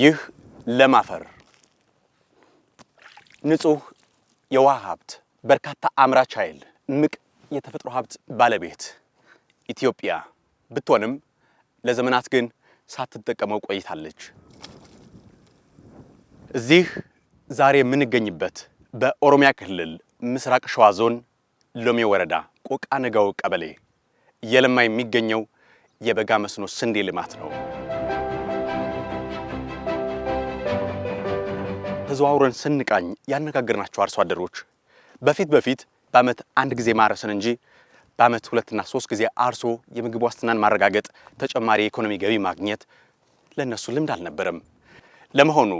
ይህ ለም አፈር፣ ንጹህ የውሃ ሀብት፣ በርካታ አምራች ኃይል፣ እምቅ የተፈጥሮ ሀብት ባለቤት ኢትዮጵያ ብትሆንም ለዘመናት ግን ሳትጠቀመው ቆይታለች። እዚህ ዛሬ የምንገኝበት በኦሮሚያ ክልል ምስራቅ ሸዋ ዞን ሎሜ ወረዳ ቆቃ ነጋው ቀበሌ እየለማ የሚገኘው የበጋ መስኖ ስንዴ ልማት ነው። ተዘዋውረን ስንቃኝ ያነጋገርናቸው አርሶ አደሮች በፊት በፊት በዓመት አንድ ጊዜ ማረስን እንጂ በዓመት ሁለትና ሶስት ጊዜ አርሶ የምግብ ዋስትናን ማረጋገጥ፣ ተጨማሪ የኢኮኖሚ ገቢ ማግኘት ለእነሱ ልምድ አልነበረም። ለመሆኑ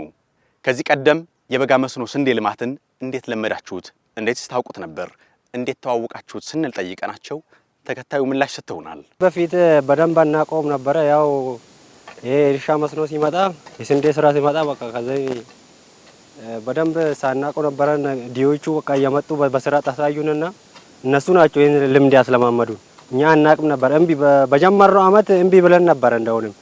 ከዚህ ቀደም የበጋ መስኖ ስንዴ ልማትን እንዴት ለመዳችሁት? እንዴት ስታውቁት ነበር? እንዴት ተዋውቃችሁት? ስንል ጠይቀናቸው ተከታዩ ምላሽ ሰጥተውናል። በፊት በደንብ አናቆም ነበረ። ያው ይሄ እርሻ መስኖ ሲመጣ የስንዴ ስራ ሲመጣ በቃ ከዚህ በደንብ ሳናውቀው ነበረን። ዲዮቹ በቃ እየመጡ በስርዓት አሳዩንና እነሱ ናቸው ይህን ልምድ ያስለማመዱ። እኛ አናቅም ነበር። እምቢ በጀመርነው አመት እምቢ ብለን ነበር። እንደውንም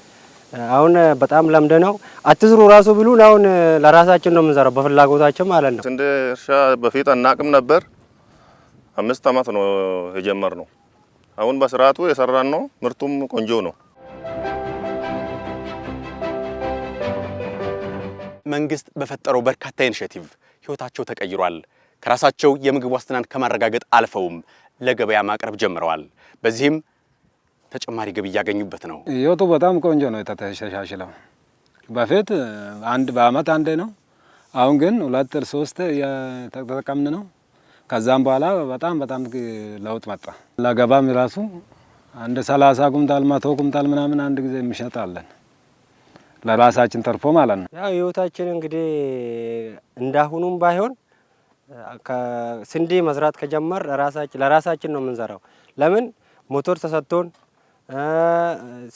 አሁን በጣም ለምደ ነው። አትዝሩ ራሱ ብሉን አሁን ለራሳችን ነው የምንዘራው በፍላጎታችን ማለት ነው። ስንዴ እርሻ በፊት አናቅም ነበር። አምስት አመት ነው የጀመርነው። አሁን በስርዓቱ የሰራን ነው። ምርቱም ቆንጆ ነው። መንግስት በፈጠረው በርካታ ኢኒሼቲቭ ህይወታቸው ተቀይሯል። ከራሳቸው የምግብ ዋስትናን ከማረጋገጥ አልፈውም ለገበያ ማቅረብ ጀምረዋል። በዚህም ተጨማሪ ገቢ እያገኙበት ነው። ህይወቱ በጣም ቆንጆ ነው የተሻሽለው። በፊት አንድ በአመት አንዴ ነው። አሁን ግን ሁለት ሶስት ተጠቀምን ነው። ከዛም በኋላ በጣም በጣም ለውጥ መጣ። ለገባም ራሱ አንድ ሰላሳ ቁምታል መቶ ቁምታል ምናምን አንድ ጊዜ የሚሸጥ አለን ለራሳችን ተርፎ ማለት ነው። ያው ህይወታችን እንግዲህ እንዳሁኑም ባይሆን ስንዴ መስራት ከጀመር ለራሳችን ነው የምንሰራው። ለምን ሞቶር ተሰጥቶን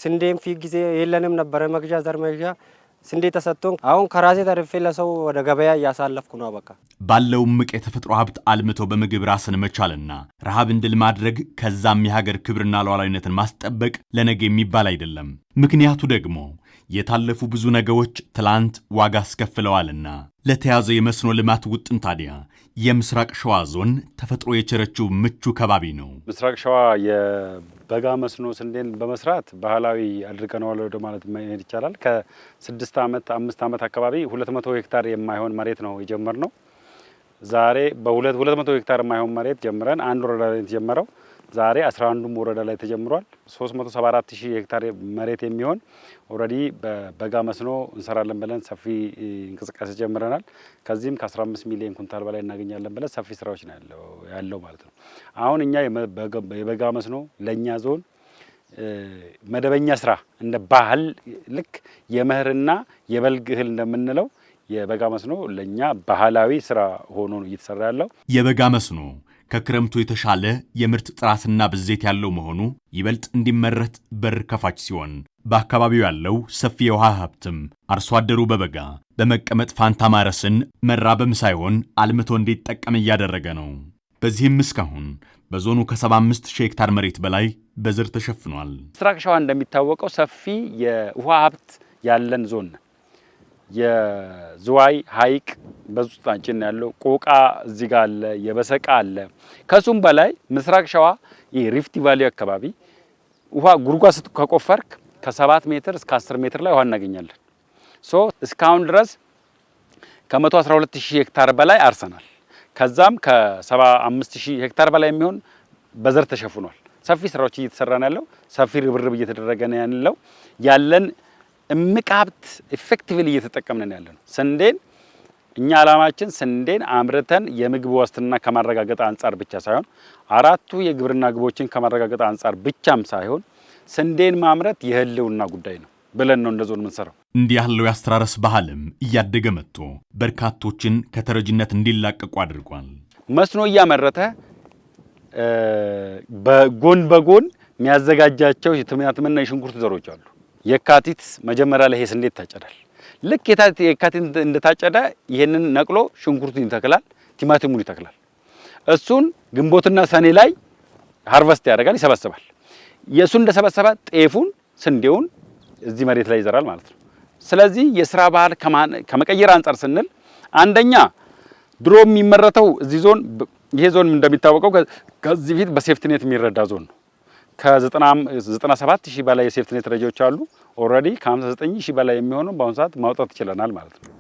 ስንዴም ፊት ጊዜ የለንም ነበረ መግዣ ዘር መግዣ ስንዴ ተሰጥቶን አሁን ከራሴ ተርፌ ለሰው ወደ ገበያ እያሳለፍኩ ነው። በቃ ባለው ምቅ የተፈጥሮ ሀብት አልምቶ በምግብ ራስን መቻልና ረሃብን እንድል ማድረግ ከዛም የሀገር ክብርና ሉዓላዊነትን ማስጠበቅ ለነገ የሚባል አይደለም። ምክንያቱ ደግሞ የታለፉ ብዙ ነገሮች ትላንት ዋጋ አስከፍለዋልና። ለተያዘው የመስኖ ልማት ውጥን ታዲያ የምስራቅ ሸዋ ዞን ተፈጥሮ የቸረችው ምቹ ከባቢ ነው። ምስራቅ ሸዋ የበጋ መስኖ ስንዴን በመስራት ባህላዊ አድርገነዋል ወደ ማለት መሄድ ይቻላል። ከስድስት ዓመት አምስት ዓመት አካባቢ ሁለት መቶ ሄክታር የማይሆን መሬት ነው የጀመርነው። ዛሬ በሁለት መቶ ሄክታር የማይሆን መሬት ጀምረን አንድ ወረዳ ጀመረው። የተጀመረው ዛሬ 11ዱም ወረዳ ላይ ተጀምሯል። 374 ሺህ ሄክታር መሬት የሚሆን ኦልሬዲ በበጋ መስኖ እንሰራለን ብለን ሰፊ እንቅስቃሴ ጀምረናል። ከዚህም ከ15 ሚሊዮን ኩንታል በላይ እናገኛለን ብለን ሰፊ ስራዎች ነው ያለው ማለት ነው። አሁን እኛ የበጋ መስኖ ለእኛ ዞን መደበኛ ስራ እንደ ባህል ልክ የመኸርና የበልግ እህል እንደምንለው የበጋ መስኖ ለእኛ ባህላዊ ስራ ሆኖ ነው እየተሰራ ያለው የበጋ መስኖ ከክረምቱ የተሻለ የምርት ጥራትና ብዜት ያለው መሆኑ ይበልጥ እንዲመረት በር ከፋች ሲሆን በአካባቢው ያለው ሰፊ የውሃ ሀብትም አርሶ አደሩ በበጋ በመቀመጥ ፋንታ ማረስን መራበም ሳይሆን አልምቶ እንዲጠቀም እያደረገ ነው። በዚህም እስካሁን በዞኑ ከ75 ሺህ ሄክታር መሬት በላይ በዝር ተሸፍኗል። ምስራቅ ሸዋ እንደሚታወቀው ሰፊ የውሃ ሀብት ያለን ዞን የዝዋይ ሐይቅ በውስጣችን ያለው ቆቃ እዚህ ጋር አለ፣ የበሰቃ አለ። ከሱም በላይ ምስራቅ ሸዋ የሪፍት ቫሊ አካባቢ ውሃ ጉድጓድ ከቆፈርክ ከሰባት ሜትር እስከ አስር ሜትር ላይ ውሃ እናገኛለን። ሶ እስካሁን ድረስ ከ112 ሄክታር በላይ አርሰናል። ከዛም ከ 75000 ሄክታር በላይ የሚሆን በዘር ተሸፍኗል። ሰፊ ስራዎች እየተሰራ ነው ያለው። ሰፊ ርብርብ እየተደረገ ነው ያለው። ያለን እምቅ ሀብት ኤፌክቲቭሊ እየተጠቀምን ያለ ነው። ስንዴን እኛ ዓላማችን ስንዴን አምርተን የምግብ ዋስትና ከማረጋገጥ አንጻር ብቻ ሳይሆን አራቱ የግብርና ግቦችን ከማረጋገጥ አንጻር ብቻም ሳይሆን ስንዴን ማምረት የህልውና ጉዳይ ነው ብለን ነው እንደ ዞን የምንሰራው። እንዲህ ያለው የአስተራረስ ባህልም እያደገ መጥቶ በርካቶችን ከተረጅነት እንዲላቀቁ አድርጓል። መስኖ እያመረተ በጎን በጎን የሚያዘጋጃቸው የቲማቲምና የሽንኩርት ዘሮች አሉ። የካቲት መጀመሪያ ላይ ይሄ ስንዴ ይታጨዳል። ልክ የካቲት እንደታጨደ ይሄንን ነቅሎ ሽንኩርቱን ይተክላል፣ ቲማቲሙን ይተክላል። እሱን ግንቦትና ሰኔ ላይ ሃርቨስት ያደርጋል፣ ይሰበስባል። የእሱን እንደሰበሰበ ጤፉን፣ ስንዴውን እዚህ መሬት ላይ ይዘራል ማለት ነው። ስለዚህ የስራ ባህል ከመቀየር አንጻር ስንል አንደኛ ድሮ የሚመረተው እዚህ ዞን ይሄ ዞን እንደሚታወቀው ከዚህ ፊት በሴፍትኔት የሚረዳ ዞን ነው። ከ97 ሺህ በላይ የሴፍትኔት ደረጃዎች አሉ። ኦልሬዲ ከ59 ሺህ በላይ የሚሆኑ በአሁኑ ሰዓት ማውጣት ይችለናል ማለት ነው።